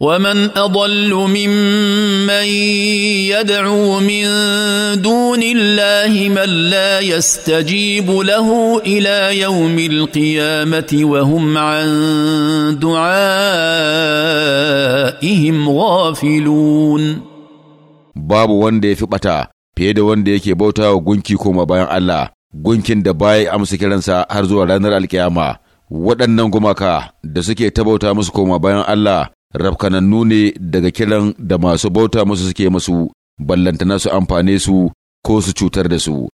ومن اضل ممن يدعو من دون الله من لا يستجيب له الى يوم القيامه وهم عن دعائهم غافلون babu wanda ya fi ɓata fiye da wanda yake bauta wa gunki koma bayan Allah gunkin da baya amsa kiransa har zuwa ranar alkiyama waɗannan gumaka da suke ta bauta musu koma bayan Allah rafkanannu ne daga kiran da masu bauta musu suke masu ballantana su amfane su ko su cutar da su